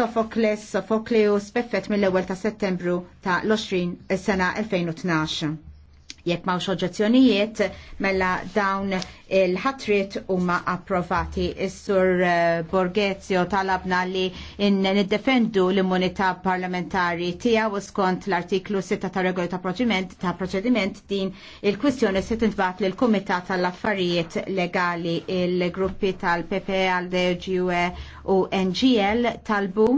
Sofokles Sofokleus beffet mill ewel ta' Settembru ta' l-20 sena 2012. Jekk ma' oġġezzjonijiet mela dawn il-ħatrit huma approvati. Is-sur eh, Borghezio talabna li niddefendu l-immunità parlamentari tiegħu skont l-artiklu 6 ta' regoli ta' proċediment ta' proċediment din il-kwistjoni se tintbat lil kumitat tal-affarijiet legali il-gruppi tal-PPE e, għal u e NGL talbu